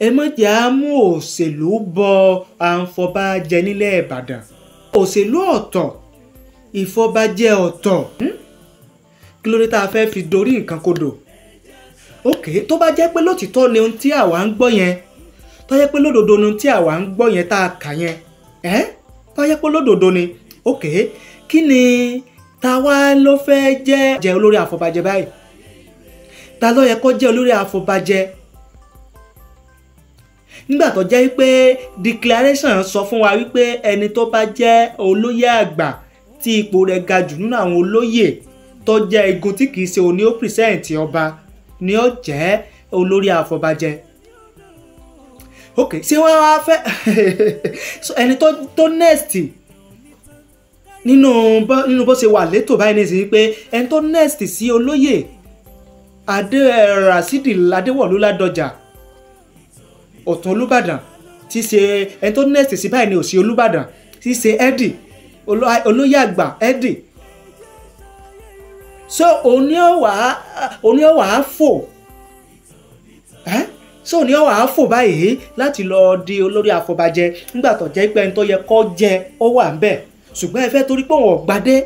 ẹ má jẹ́ á mú òṣèlú bọ àǹfọ̀bàjẹ nílẹ̀ ìbàdàn òṣèlú ọ̀tọ̀ ìfọ̀bàjẹ ọ̀tọ̀ hmm? kí ló dé tá a fẹ́ fi dorí nǹkan kodò ok tó bá jẹ́ pé lótìtọ́ ni ohun tí àwa ń gbọ́ yẹn tó jẹ́ pé lódodo ni ohun tí àwa ń gbọ́ yẹn tá a kà yẹn ẹ́ tó jẹ́ pé lódodo ni ok kí ni ta wá ló fẹ́ jẹ́ olórí àfọ̀bàjẹ báyìí ta ló yẹ jẹ́ olórí àfọ̀bàjẹ nígbà tó jẹ́ wípé declaration sọ fún wa wípé ẹni tó bá jẹ́ olóyè àgbà tí ipò rẹ̀ ga jù nínú àwọn olóyè tó jẹ́ igun tí kìí ṣe òní ó pìrìsẹ́ǹtì ọba ni ó jẹ́ olórí àfọbàjẹ́ ok ṣé wọ́n wá fẹ́ ẹni tó next nínú nínú bó ṣe wà létò báyìí ní ìsìn pé ẹni tó next sí olóyè adé eh, rasidi adéwọ̀lú ládọjà ọ̀tún olúbàdàn ti ṣe ẹni tó nẹ́ẹ̀sì sí báyìí ni òsì olúbàdàn ti ṣe ẹ́dì olóyè àgbà ẹ́dì so òní ọ̀ wàá fò so òní ọ̀ wàá fò báyìí láti lọ di olórí àfọbàjẹ nígbà tó jẹ́ pé ẹni tó yẹ kó jẹ ó wà ń bẹ̀ ṣùgbọ́n ẹ fẹ́ torí pé òun ọ̀gbadé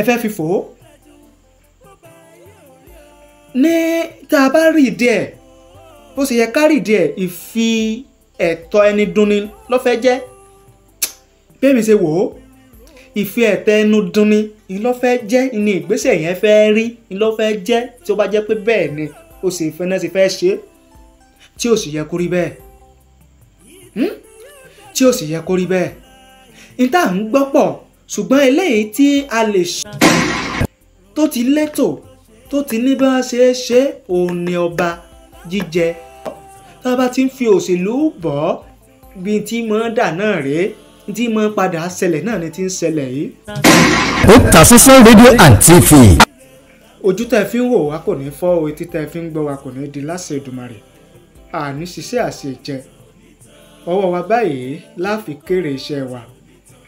ẹ fẹ́ fi fò ó ní tá a bá rí ìdí ẹ̀ bó ṣe yẹ ká rí ìdí ẹ̀ ìfi ẹ̀tọ́ ẹni dunni lọ́fẹ́ jẹ́ bí èmi ṣe wò ó ìfi ẹ̀tọ́ ẹnu dunni ìlọ́fẹ́ jẹ́ ni ìgbésẹ̀ yẹn fẹ́ rí ìlọ́fẹ́ jẹ́ tí ó bá jẹ́ pé bẹ́ẹ̀ ni ó sì fẹ́ náà sì ṣe é tí ó sì yẹ kó rí bẹ́ẹ̀ hmm? tí ó sì yẹ kó rí bẹ́ẹ̀ n ń gbọ́ pọ̀ ṣùgbọ́n eléyìí tí a lè ṣe tó ti létò tó ti ní bá ṣe é ṣe òun ni ọba jíjẹ tá a bá ti ń fi òṣèlú bọ̀ ọ́ bí tí mọ́ dà náà rèé tí mọ́ padà ṣẹlẹ̀ náà ni ti ń ṣẹlẹ̀ yìí. Otasansan rédíò and TV. ojú tẹ́ fi ń wò wá kò ní fọ́ o etí tẹ́ fi ń gbọ́ wá kò ní di láṣẹ Èdùmàrè àní ṣiṣẹ́ àṣejẹ ọwọ́ wa báyìí láàfi kéré iṣẹ́ wa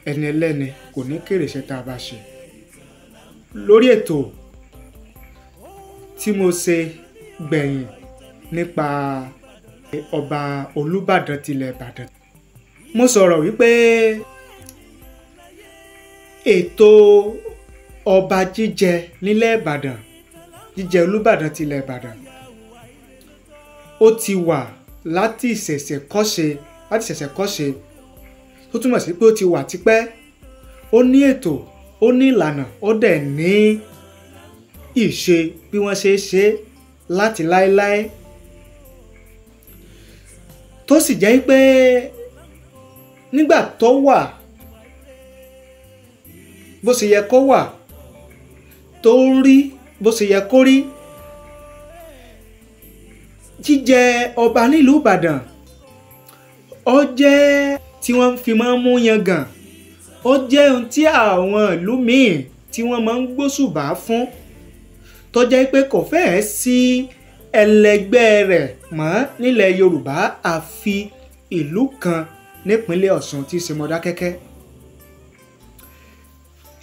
ẹni ẹlẹ́ni kò ní kéré iṣẹ́ tá a bá ṣe lórí ètò tí mo ṣe gbẹ̀yìn nípa ọba Olúbàdàn tilẹ̀ Ìbàdàn mo sọ̀rọ̀ wípé ètò ọba jíjẹ nílẹ̀ Ìbàdàn jíjẹ Olúbàdàn tilẹ̀ Ìbàdàn ó ti wà láti ìṣẹ̀ṣẹ̀ kọ́ṣe láti ìṣẹ̀ṣẹ̀ kọ́ṣe tó túmọ̀ sí pé ó ti wà tipẹ́ ó ní ètò ó ní ìlànà ó dẹ̀ ní ìṣe bí wọ́n ṣe ṣe láti láéláé tó sì jẹ́ pé nígbà tó wà bó ṣe yẹ kó wà tó rí bó ṣe yẹ kó rí jíjẹ ọba nílùú Ìbàdàn ó jẹ́ tí wọ́n fi máa ń mú yangàn ó jẹ́ ohun tí àwọn ìlú míì tí wọ́n máa ń gbóṣùbà fún tó jẹ́ pé kò fẹ́ẹ̀ sí ẹlẹgbẹ́ rẹ̀ mọ́ nílẹ̀ Yorùbá àfi ìlú kan nípínlẹ̀ Ọ̀ṣun tí í ṣe Mọdákẹ́kẹ́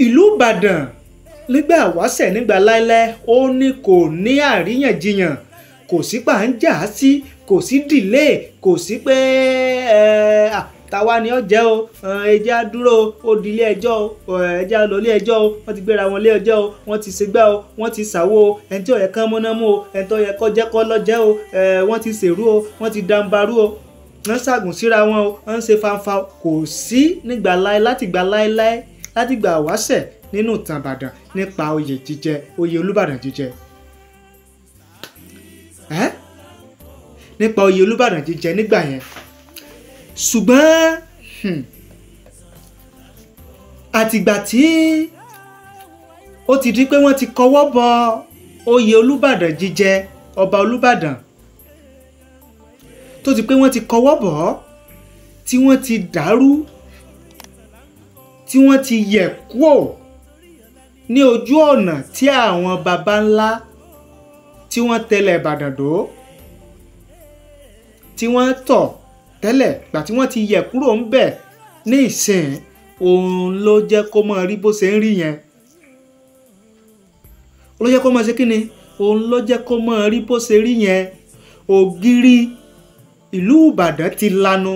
ìlú Ìbàdàn nígbà wáṣẹ̀ nígbà láíláí ó ní kò ní àríyànjiyàn kò sí pàǹjà sí kò sí dìlé kò sí pé tàwa ni ó jẹ́ o ẹjẹ́ á dúró ó ilé ẹjọ́ o ẹjẹ́ á lọ o wọ́n ti gbéra wọn ilé ẹjọ́ o wọ́n ti ṣègbà o wọ́n ti ṣàwo o ẹni tí ó yẹ kán mọ́ná mú o ẹni tó yẹ kó jẹ́ kó lọ́jẹ́ o wọ́n ti ṣèrú o wọ́n ti dambarú o wọ́n ṣàgùn síra wọn o wọ́n ṣe fanfa kò sí nígbà láé látìgbà láéláé látìgbà wáṣẹ̀ nínú ìtàn nípa oyè jíjẹ oyè Olúbàdàn jíjẹ nípa oyè Olúbàdàn jíjẹ nígbà yẹn ṣùgbọ́n hmm. àtìgbà tí ó ti di pé wọ́n ti kọwọ́ bọ oyè Olúbàdàn jíjẹ ọba Olúbàdàn tó ti pé wọ́n ti kọwọ́ bọ̀ ọ́ tí wọ́n ti dàrú tí wọ́n ti yẹ̀ kúò ní ojú ọ̀nà tí àwọn baba ńlá tí wọ́n tẹ̀lé Ìbàdàn dó tí wọ́n tọ̀ tẹ́lẹ̀ gbà tí wọ́n ti yẹ̀ kúrò ń bẹ̀ ní ìsìn òun ló jẹ́ kó mọ̀ rí bó ṣe ń rí yẹn ló jẹ́ kó mọ̀ ṣe kí ni òun ló jẹ́ kó mọ̀ rí bó ṣe rí yẹn ògiri ìlú Ìbàdàn ti lanu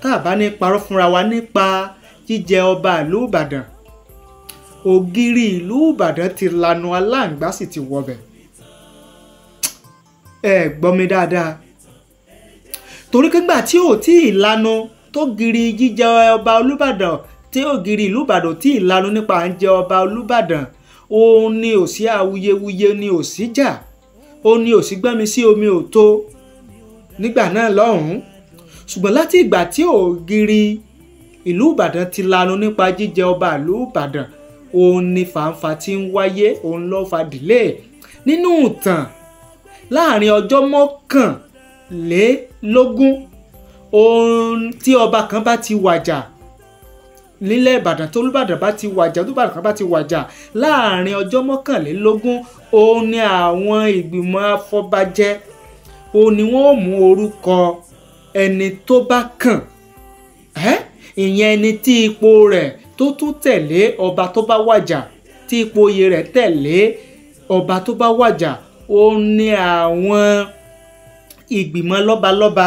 tá a bá ní parọ́ fúnra wa nípa jíjẹ ọba ìlú Ìbàdàn ògiri ìlú Ìbàdàn ti lanu aláǹgbá sì ti wọbẹ̀ ẹ gbọ́ mi dáadáa torí kígbà tí ò tí ì lanu tó giri jíjẹ ọba olúbàdàn tí ò giri ìlú ìbàdàn tí ì lanu nípa à ń jẹ ọba olúbàdàn òun ni ò sí awuyewuye ni ò sí jà òun ni ò sí gbẹ́mi sí omi ò tó nígbà náà lọ́hùn-ún ṣùgbọ́n láti ìgbà tí ògiri ìlú ìbàdàn ti lanu nípa jíjẹ ọba ìlú ìbàdàn òun ni fàǹfà ti ń wáyé òun ló fa dìlé nínú ìtàn láàrin ọjọ́ mọ́kàn mẹ́tàlélógún ohun tí ọba kan bá ti wàjà nílẹ̀ ìbàdàn tó olùbàdàn bá ti wàjà olùbàdàn kan bá ti wàjà láàrin ọjọ́ mọ́kànlélógún òun ni àwọn ìgbìmọ̀ afọbajẹ òun ni wọ́n mú orúkọ ẹni tó bá kàn ìyẹn ẹni tí ipò rẹ̀ tó tún tẹ̀lé ọba tó bá wàjà tí ipò oyè rẹ̀ tẹ̀lé ọba tó bá wàjà òun ni àwọn ìgbìmọ̀ lọ́balọ́ba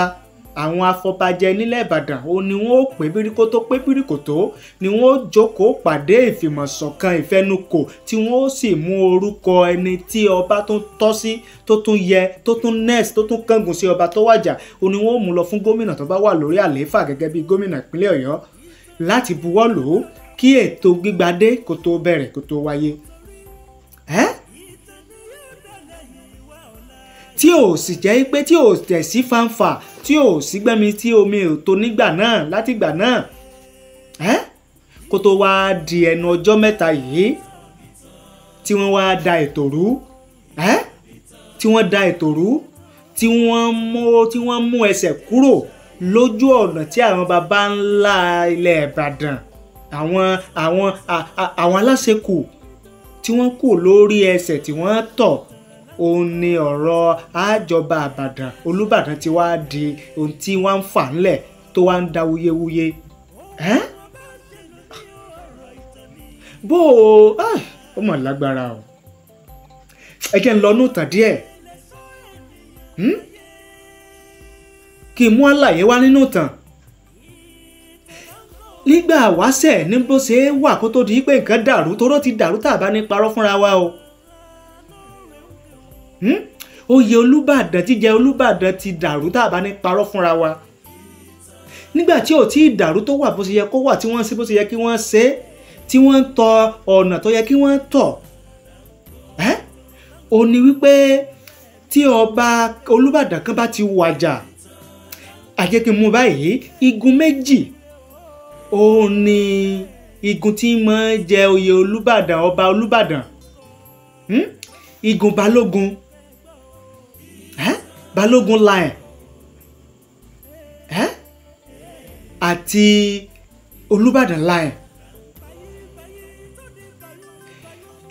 àwọn afọbajẹ nílẹ̀ ìbàdàn ó ní wọ́n ó pé bíríkótó pé bíríkótó ni wọ́n ó jókòó pàdé ìfìmọ̀ṣọ̀kan ìfẹnukò tí wọ́n ó sì mú orúkọ ẹni tí ọba tó tọ́ sí tó tún yẹ tó tún nẹ́ẹ̀sì tó tún kángun sí ọba tó wàjà ó ní wọ́n ó mú lọ fún gómìnà tó bá wà lórí àlééfà gẹ́gẹ́ bí gómìnà ìpínlẹ̀ ọ̀yọ́ láti buwọ́ lò ó kí ètò gbígbadé kó tó bẹ̀rẹ̀ kó tó wáyé. eh? tí ò sì jẹ́ pé tí ò tẹ̀ fanfa tí ò sí gbẹ́mi tí omi ò tó nígbà náà látìgbà náà kó tó wá di ẹnu ọjọ́ mẹ́ta yìí tí wọ́n wá da ètò rú tí wọ́n da ètò rú tí wọ́n mú tí wọ́n mú ẹsẹ̀ kúrò lójú ọ̀nà tí àwọn baba ńlá ilẹ̀ Ìbàdàn àwọn àwọn àwọn aláṣekù tí wọ́n kù lórí ẹsẹ̀ tí wọ́n tọ̀ òun ni ọ̀rọ̀ àjọba àbàdàn olùbàdàn ti wá di ohun tí wọ́n ń fà ńlẹ̀ tó wá ń da wuyewuye. Eh? bó o ah, ó mà lágbára o ẹ jẹ́ ń lọ núùtà díẹ̀ hmm? kí n mú àlàyé wá nínú ìtàn nígbà wáṣẹ̀ ní bó ṣe wà kó tó di pé nǹkan dàrú toró ti dàrú tàbá ní parọ́ fúnra wa o. Hmm? oyè olùbàdàn jíjẹ olùbàdàn ti dàrú tá a bá ní parọ́ fúnra wa nígbà tí ò tí ì dàrú tó wà bó ṣe yẹ kó wà tí wọ́n ṣe bó ṣe yẹ kí wọ́n ṣe tí wọ́n ń tọ ọ̀nà tó yẹ kí wọ́n tọ̀ ẹ́ ò ní wípé tí ọba olùbàdàn kan bá ti wàjà àjẹkí mu báyìí igun méjì òun ni igun tí mo jẹ oyè olùbàdàn ọba olùbàdàn hmm? igun balógun. Hmm? Balogun line eh? àti Olúbàdàn line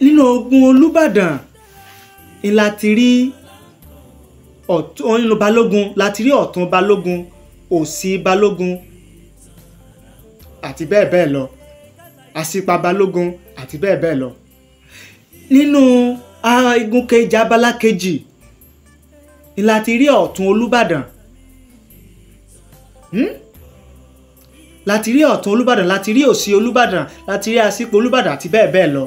nínú ogun Olúbàdàn ni la ti rí ọ̀tún nínú Balógun la ti rí ọ̀tún Balógun òsì Balógun àti bẹ́ẹ̀ bẹ́ẹ̀ lọ àsìpà Balógun àti bẹ́ẹ̀ bẹ́ẹ̀ lọ nínú ah, igun kejì abala kejì ìlà ti rí ọ̀tún olúbàdàn hmm? láti rí ọ̀tún olúbàdàn láti rí òsì olúbàdàn láti rí àsìpò olúbàdàn àti bẹ́ẹ̀ bẹ́ẹ̀ lọ.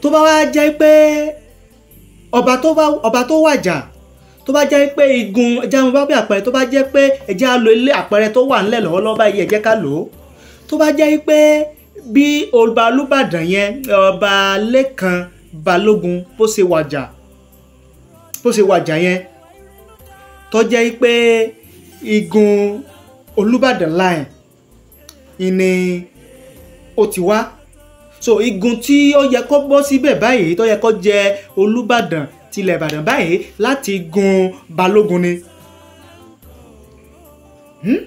tó bá wá jẹ́ pé ọba tó wàjà tó bá jẹ́ pé igun ẹja mo bá bí àpẹẹrẹ tó bá jẹ́ pé ẹja lo ilé àpẹẹrẹ tó wà ńlẹ̀ lọ́wọ́lọ́wọ́ báyìí ẹ ká lò ó tó bá jẹ́ pé bí ọba olúbàdàn yẹn ọba lẹ́kan balógun bó ṣe wàjà bó ṣe wàjà yẹn tó pé igun olùbàdàn line ìní ó ti wá so igun tí ó yẹ kó bọ́ síbẹ̀ báyìí tó yẹ kó jẹ olùbàdàn tilẹ̀ ìbàdàn báyìí láti gun balógun ni hmm?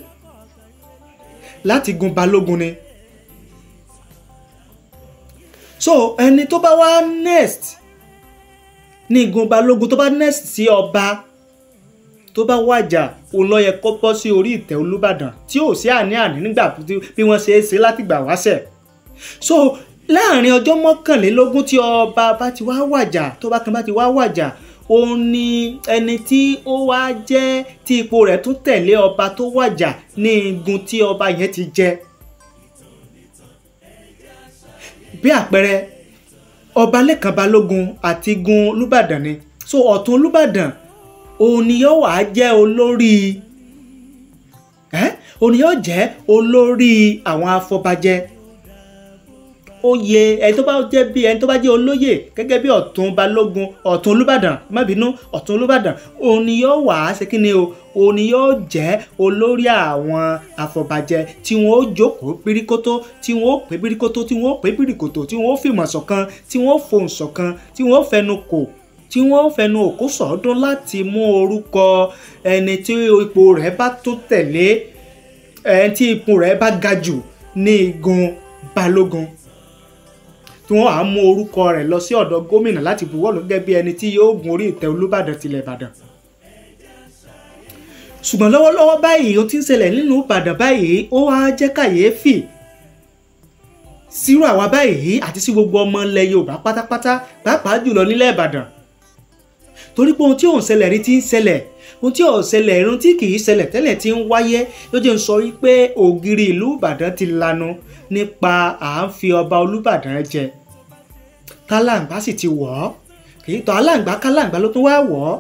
láti gun balógun ni so ẹni tó bá wá next ní igun balógun tó bá next sí ọba tó bá wàjà òun ló yẹ kó bọ́ sí orí ìtẹ́ olúbàdàn tí ò sí àní àní nígbà bí wọ́n ṣe é ṣe látìgbà wáṣẹ̀ so láàrin ọjọ́ mọ́kànlélógún tí ọba bá ti wá wàjà tó bá kan bá ti wá wàjà òun ni ẹni tí ó wá jẹ́ tí ipò rẹ̀ tún tẹ̀lé ọba tó wàjà ní igun tí ọba yẹn ti jẹ bí àpẹẹrẹ ọba lẹ́kan balógun àti gun olúbàdàn ni so ọ̀tún olúbàdàn oníyàn wà á jẹ́ olórí oníyàn jẹ́ olórí àwọn afọbajẹ oyè ẹni tó bá jẹ́ bí ẹni tó bá jẹ́ olóyè gẹ́gẹ́ bí ọ̀tún balógun ọ̀tún olúbàdàn má bínú ọ̀tún olúbàdàn òun ni yóò wà ṣe kí ni o òun ni yóò jẹ́ olórí àwọn àfọ̀bàjẹ́ tí wọ́n ó jókòó píríkótó tí wọ́n ó pé píríkótó tí wọ́n ó pé píríkótó tí wọ́n ó fìmọ̀ ṣọ̀kan tí wọ́n ó fohùn ṣọ̀kan tí wọ́n ó fẹnu kò tí wọ́n fẹnu òkú sọ̀ọ́dún láti mú orúkọ ẹni tí ipò rẹ̀ bá tó tẹ̀lé ẹni tí ipò rẹ̀ bá ga jù ní igun balógun tí wọ́n á mú orúkọ rẹ̀ lọ sí ọ̀dọ̀ gómìnà láti buwọ́lù gẹ́gẹ́ bí ẹni tí yóò gun orí ìtẹ́ olúbàdàn tilẹ̀ ìbàdàn ṣùgbọ́n lọ́wọ́lọ́wọ́ báyìí ó ti ń ṣẹlẹ̀ nínú ìbàdàn báyìí ó wá jẹ́ kàyéfì sírò àwa báyìí àti sí gbogbo ọmọ ilẹ̀ yorùbá pátápátá pàápàá jùlọ nílẹ̀ ìbàdàn torí pé ohun tí ò ń ṣẹlẹ̀ rí ti ń ṣẹlẹ̀ ohun tí ò ń ṣẹlẹ̀ irun tí kì í ṣẹlẹ̀ tẹ́lẹ̀ ti ń wáyé ló jẹ́ ń sọ wípé ògiri ìlú Ìbàdàn ti lanu nípa à ń fi ọba Olúbàdàn jẹ kálàǹgbá sì ti wọ̀ ọ́ kì í tọ́ aláǹgbá kálàǹgbá ló tún wá wọ̀ ọ́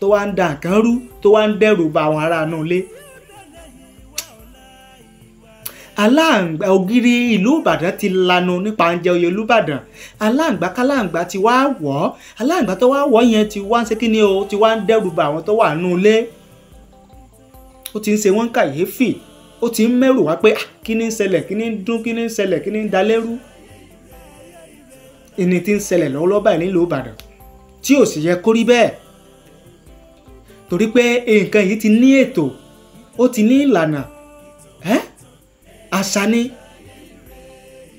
tó wá ń da nǹkan rú tó wá ń dẹ́rù ba àwọn ará inú ilé aláǹgbá ògiri ìlú ìbàdàn ti lanu nípa oúnjẹ oyè olùbàdàn aláǹgbá káláǹgbá ti wá wọ̀ ọ́ aláǹgbá tó wá wọ̀ yẹn ti wá ń ṣe kí ni o ti wá ń dẹ́rù bà àwọn tó wà nù ilé ó ti ń ṣe wọ́n kàyéfì ó ti ń mẹ́rù wá pé ah, kí ni ń ṣẹlẹ̀ kí ni ń dún kí ni ń ṣẹlẹ̀ kí ni ń dalẹ́rú ẹni tí ń ṣẹlẹ̀ lọ́wọ́lọ́wọ́ báyìí nílùú ìbàdàn tí ò sì yẹ kó bẹ́ẹ̀ torí pé nǹkan yìí ti ní ètò ó ti ní ìlànà àṣà ni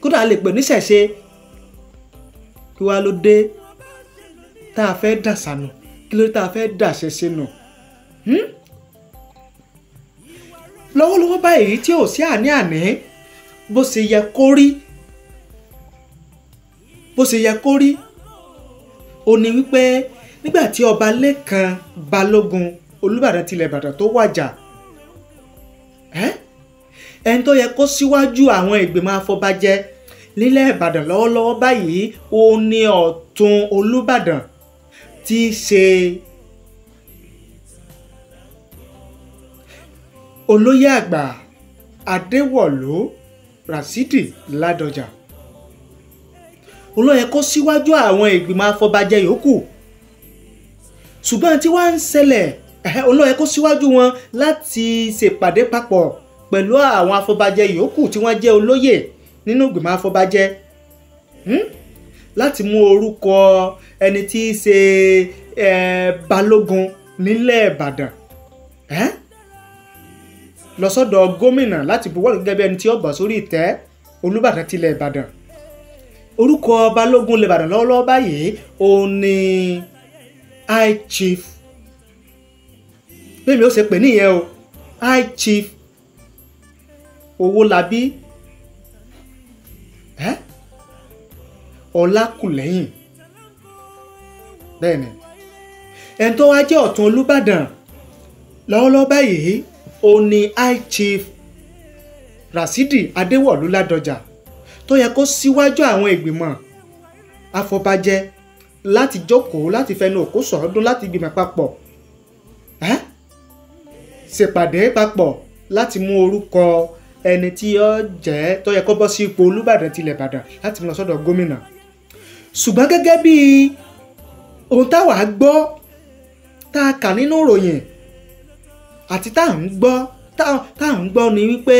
kódà a lè pè ní ṣẹ̀ṣe kí wàá ló dé tá a fẹ́ dàṣà nù kí ló dé tá a fẹ́ dàṣẹṣe nù hmm? lọ́wọ́lọ́wọ́ báyìí tí ò sí àní-àní bó ṣe yẹ kó rí bó ṣe yẹ kó rí ó ní wípé nígbà tí ọba Lékan Balógun Olúbàdàn tilẹ̀ Ìbàdàn tó wàjà eh? ẹni tó yẹ kó síwájú àwọn ìgbìmọ̀ afọbajẹ nílẹ̀ ìbàdàn lọ́wọ́lọ́wọ́ báyìí ó ní ọ̀tún olúbàdàn tí í ṣe olóyè àgbà adéwọ̀lú rasidi ládọjà olóyè kó síwájú àwọn ìgbìmọ̀ afọbajẹ yòókù ṣùgbọ́n tí wàá ń ṣẹlẹ̀ olóyè kó síwájú wọn láti ṣèpàdé papọ̀ pẹ̀lú àwọn afọbajẹ yòókù tí wọ́n jẹ́ olóyè nínú ìgbìmọ̀ afọbajẹ hmm? láti mú orúkọ ẹni tí í ṣe balógun nílẹ̀ ìbàdàn lọ sọ́dọ̀ gómìnà láti buwọ́ gẹ́gẹ́ bí ẹni tí ó bọ̀ sórí ìtẹ́ olúbàdàn tilẹ̀ ìbàdàn orúkọ balógun ilẹ̀ ìbàdàn lọ́wọ́lọ́wọ́ báyìí òun ni high chief bẹ́ẹ̀ mi ó ṣe pè nìyẹn o high chief Owólabí ẹ́ Ọlákùlẹ́yìn bẹ́ẹ̀ ni ẹni tó wá jẹ́ Ọ̀tún Olúbàdàn lọ́wọ́lọ́wọ́ báyìí ó ní high chief Rasidi Adéwọ̀lú Ládọjà tó yẹ kó síwájú àwọn ìgbìmọ̀ afọbajẹ láti jókòó láti fẹnu òkú sọ̀ọ́dún láti gbìmọ̀ papọ̀ ṣèpàdé papọ̀ láti mú orúkọ ẹni tí ó jẹ́ tó yẹ kó bọ́ sí ipò Olúbàdàn tilẹ̀ Ìbàdàn láti lọ sọ́dọ̀ gómìnà ṣùgbọ́n gẹ́gẹ́ bí ohun táwa gbọ́ tá a kà nínú ìròyìn àti tá à ń gbọ́ tá à ń gbọ́ ni wípé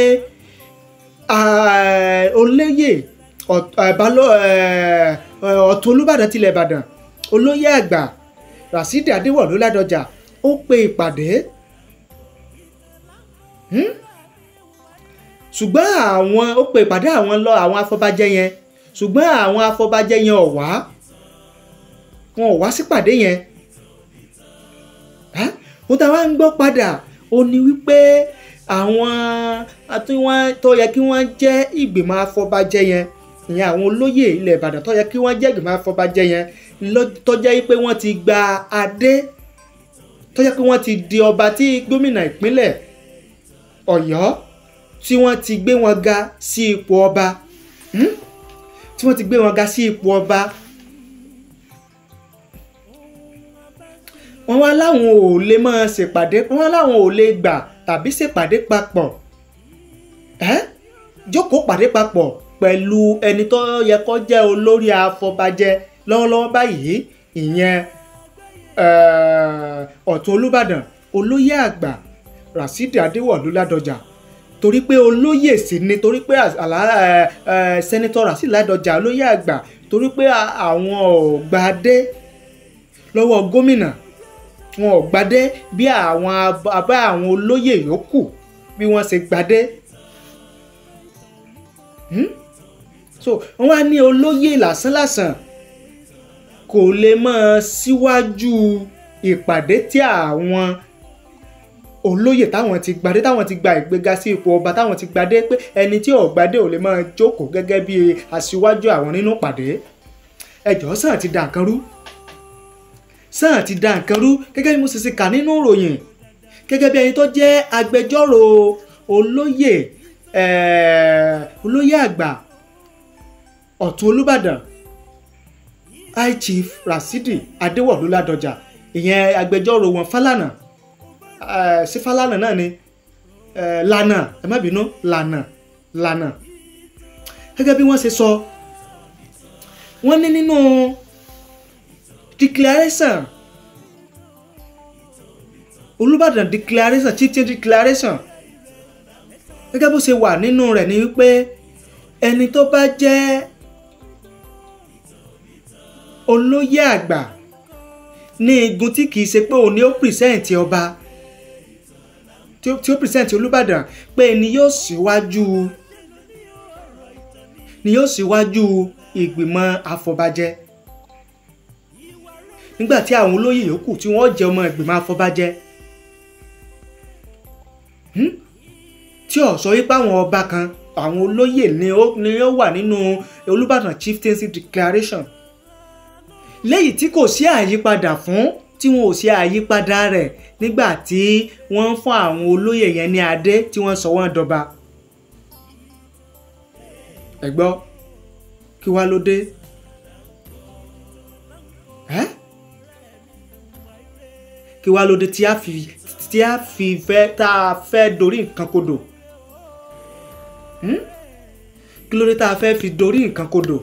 eh, olóyè eh, eh, ọ̀tún Olúbàdàn tilẹ̀ Ìbàdàn olóyè àgbà Rasidi Adéwọ̀lú Ládọjà ó pe ìpàdé. Hmm? ṣùgbọ́n àwọn ó pe ìpàdé àwọn lọ àwọn afọbajẹ yẹn ṣùgbọ́n àwọn afọbajẹ yẹn ò wá wọn ò wá sípàdé yẹn ó ta wá ń gbọ́ padà ó ní wípé àwọn tó yẹ kí wọ́n jẹ́ ìgbìmọ̀ afọbajẹ yẹn ìyẹn àwọn olóyè ilẹ̀ Ìbàdàn tó yẹ kí wọ́n jẹ́ ìgbìmọ̀ afọbajẹ yẹn tó jẹ́ pé wọ́n ti gba adé tó yẹ pé wọ́n ti di ọba tí gómìnà ìpínlẹ̀ Ọ̀yọ́ tí wọ́n ti gbé wọn ga sí ipò ọba hmm? tí wọ́n ti gbé wọn ga sí ipò ọba wọ́n wá láwọn ò lè máa ṣèpàdé wọ́n láwọn ò lè gbà tàbí ṣèpàdé papọ̀ ẹ́ jókòó pàdé papọ̀ pẹ̀lú ẹni tó yẹ kó jẹ́ olórí afọbajẹ lọ́wọ́lọ́wọ́ báyìí ìyẹn eh, ọ̀tún olúbàdàn olóyè àgbà rasidi adéwọ̀lú ládọjà torí pé olóyè sí ni torí pé sẹ́nitọ́ Rasheed Ládọjà olóyè àgbà torí pé àwọn ọ̀gbadé lọ́wọ́ gómìnà wọn ò gbadé bí àwọn abá àwọn olóyè yòókù bí wọ́n ṣe gbadé. Hmm? so wọ́n á ní olóyè lásánlàsàn kò lè máa síwájú ìpàdé tí àwọn olóyè táwọn ti gbadé táwọn ti gba ìgbéga sí ipò ọba táwọn ti gbadé pé ẹni tí ò gbadé ò lè máa jókòó gẹ́gẹ́ bí aṣíwájú àwọn nínú pàdé ẹjọ́ sàn ti dà nǹkan rú sàn ti dà nǹkan rú gẹ́gẹ́ bí mo sì ti kà nínú ìròyìn gẹ́gẹ́ bí ẹni tó jẹ́ agbẹjọ́rò olóyè olóyè àgbà ọ̀tún olúbàdàn high chief rasidi adéwọ̀lú ládọjà ìyẹn agbẹjọ́rò wọn fálànà sífàlànà eh, náà ni eh, lànà ẹ má bínú lànà lànà gẹ́gẹ́ bí wọ́n ṣe sọ wọ́n ní nínú declaration Olúbàdàn declaration títí declaration gẹ́gẹ́ bó ṣe wà nínú rẹ̀ ni wípé ẹni tó bá jẹ́ olóyè àgbà ní igun tí kìí ṣe pé òun ni ó pìrìsẹ́ǹtì ọba tí ó present Olúbàdàn pé ni yóò síwájú ni yóò síwájú ìgbìmọ̀ àfọ̀bàjẹ nígbà tí àwọn olóyè yòókù tí wọ́n jẹ́ ọmọ ìgbìmọ̀ àfọ̀bàjẹ hmm, tí ò sọ wípé àwọn ọba kan àwọn olóyè ni ó wà nínú Olúbàdàn Chieftaincy Declaration léyìí tí kò sí àyípadà fún tí wọn ò ṣe àyípadà rẹ̀ nígbà tí wọ́n ń fún àwọn olóyè yẹn ní adé tí wọ́n sọ wọ́n dọba. ẹ gbọ́ kí wá ló dé? kí wá ló dé tí a fi tí a fi fẹ́ tá a fẹ́ dorí nǹkan kodò? Hmm? kí ló dé tá a fẹ́ fi dorí nǹkan kodò?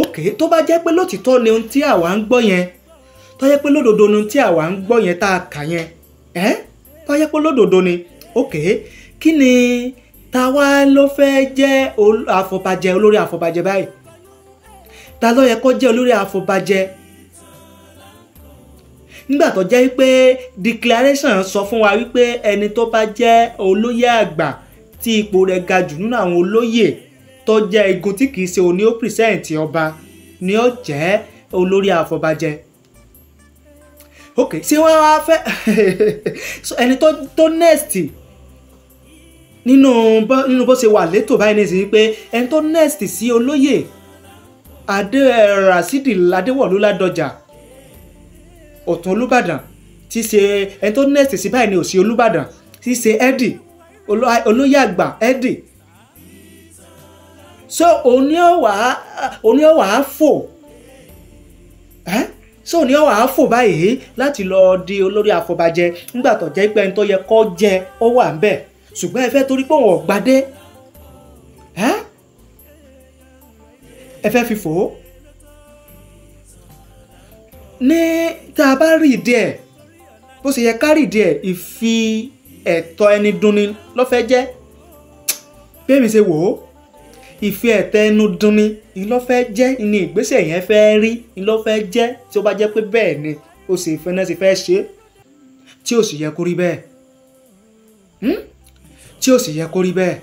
òkè tó bá jẹ́ pé lótìtọ́ ni ohun tí àwa ń gbọ́ yẹn tó yẹ pé lódodo ni tí àwa ń gbọ́ yẹn tá a kà yẹn ẹ́ tó yẹ pé lódodo ni ok kí ni ta wá ló fẹ́ jẹ́ àfọ̀bàjẹ olórí àfọ̀bàjẹ báyìí ta ló yẹ kó jẹ́ olórí àfọ̀bàjẹ nígbà tó jẹ́ wípé declaration sọ fún wa wípé ẹni tó bá jẹ́ olóyè àgbà tí ipò rẹ̀ ga jù nínú àwọn olóyè tó jẹ́ igun tí kìí ṣe òní ó pìrìsẹ́ǹtì ọba ni ó jẹ́ olórí àfọ̀bàjẹ ok ṣé wọ́n wá fẹ́ ẹni tó next nínú nínú bó ṣe wà létò báyìí ní ìsìn pé ẹni tó next sí olóyè adérasídì eh, adéwọ̀lú ládọjà ọ̀tún olúbàdàn tí ṣe ẹni tó next sí báyìí ní òsì olúbàdàn tí ṣe ẹ́dì olóyè àgbà ẹ́dì so òun ni ó wàá fò so ní ọwọ́ àáfò báyìí láti lọ di olórí àfọbàjẹ nígbà tó jẹ́ pé ẹni tó yẹ kó jẹ ó wà ń bẹ̀ ṣùgbọ́n ẹ fẹ́ torí pé òun ọ̀gbadé ẹ fẹ́ fi fò ó ní tá a bá rí ìdí ẹ̀ bó ṣe yẹ ká rí ìdí ẹ̀ ìfi ẹ̀tọ́ ẹni dunni ló fẹ́ jẹ́ bí ṣe wò ó ìfẹ́ ẹ̀tẹ́ inú dunni ìlọ́fẹ́ jẹ́ ni ìgbésẹ̀ yẹn fẹ́ rí ìlọ́fẹ́ jẹ́ tí ó bá jẹ́ pé bẹ́ẹ̀ ni ó sì fẹ́ náà sì fẹ́ ṣe tí ó sì yẹ kó rí bẹ́ẹ̀ hmm? tí ó sì yẹ kó rí bẹ́ẹ̀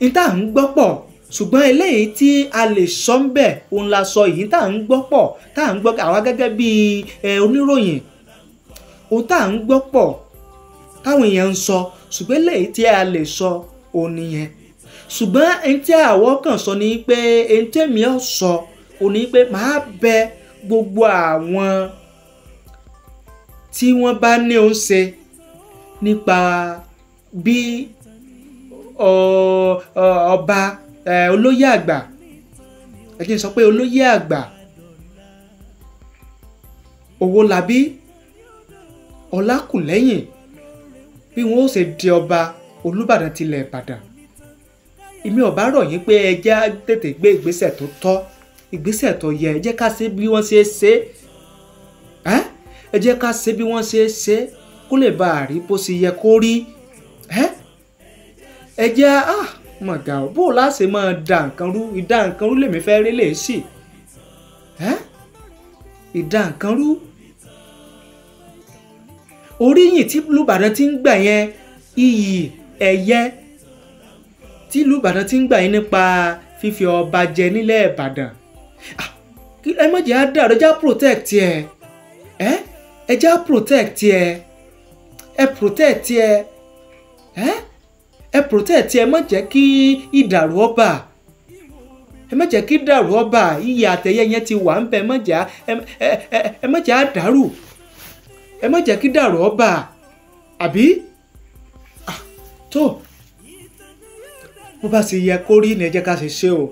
níta à ń gbọ́ pọ̀ ṣùgbọ́n eléyìí tí a lè sọ ń bẹ̀ òun la sọ yìí tá à ń gbọ́ pọ̀ tá à ń gbọ́ àwa gẹ́gẹ́ bí oníròyìn òun tá à ń gbọ́ pọ̀ táwọn èèyàn ń sọ ṣùgbọ́n eléyìí tí a lè sọ òun nìyẹn ṣùgbọ́n ẹni tí àwọ̀ kan sọ ni pé ẹni tẹ́mi ọ̀ sọ ò ní pé màá bẹ gbogbo àwọn tí wọ́n bá ní òun ṣe nípa bí ọba olóyè àgbà ẹ jẹ́ sọ pé olóyè àgbà Owólabí Ọlákùlẹ́yìn bí wọ́n ó ṣe di ọba Olúbàdàn tilẹ̀ Ìbàdàn èmi ò bá rọ̀ yín pé ẹ jẹ́ tètè gbé ìgbésẹ̀ tó tọ́ ìgbésẹ̀ tó yẹ ẹ jẹ́ ká ṣe bí wọ́n ṣe é ṣe é ẹ jẹ́ ká ṣe bí wọ́n ṣe ṣe kó lè bá a rí bó ṣe yẹ kó rí ẹ jẹ́ ah, mọ̀ dà ó bó o láṣẹ máa da nǹkan rú ìdá nǹkan rú lèmi fẹ́ rí lè ṣì ìdá nǹkan rú oríyìn tí Olúbàdàn ti ń gbà yẹn iyì ẹ̀yẹ tílùú ìbàdàn ti ń gbà yín nípa fífi ọba jẹ nílẹ̀ ìbàdàn ah, ẹ má jẹ́ á dàrú ẹ já protect ẹ ẹ ẹ já protect ẹ ẹ protect ẹ ẹ ẹ protect ẹ má jẹ́ kí ìdàrú ọba ẹ má jẹ́ kí dàrú ọba iyì àtẹ̀yẹ yẹn ti wà ń bẹ ẹ má jẹ́ á dàrú ẹ má jẹ́ kí dàrú ọba àbí ah, tó bó bá sì yẹ kó rí ni ẹ jẹ́ ká ṣe ṣe o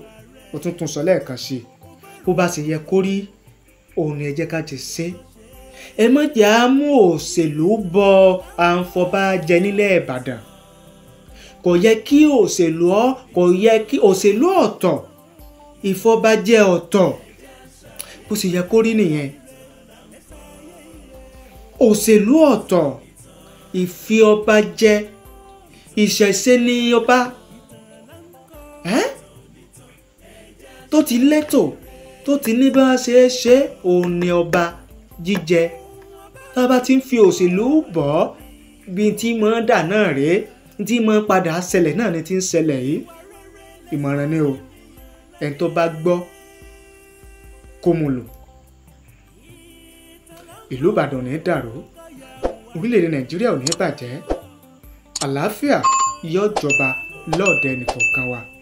mo tún tún sọ lẹ́ẹ̀kan sí i bó bá sì yẹ kó rí òun ni ẹ jẹ́ ká ṣe ṣe ẹ má jẹ́ á mú òṣèlú bọ àǹfọ̀bàjẹ́ nílẹ̀ Ìbàdàn kò yẹ kí òṣèlú ọ kò yẹ kí òṣèlú ọ̀tọ̀ ìfọ̀bàjẹ́ ọ̀tọ̀ bó sì yẹ kó rí nìyẹn òṣèlú ọ̀tọ̀ ìfi ọba jẹ ìṣẹ̀ṣe ni ọba tó ti létò tó ti ní bá ṣe é ṣe òun ni ọba jíjẹ tá a bá ti ń fi òṣèlú bọ̀ ọ́ bí tí mọ́ dà náà rèé tí mọ́ padà ṣẹlẹ̀ náà ni ti ń ṣẹlẹ̀ yìí ìmọ̀ràn ni o ẹni tó bá gbọ́ kó mu lò ìlú Ìbàdàn ní dàrú orílẹ̀-èdè Nàìjíríà ò ní bàjẹ́ àlàáfíà yóò jọba lọ́ọ̀dẹ nìkọ̀ọ̀kan wa.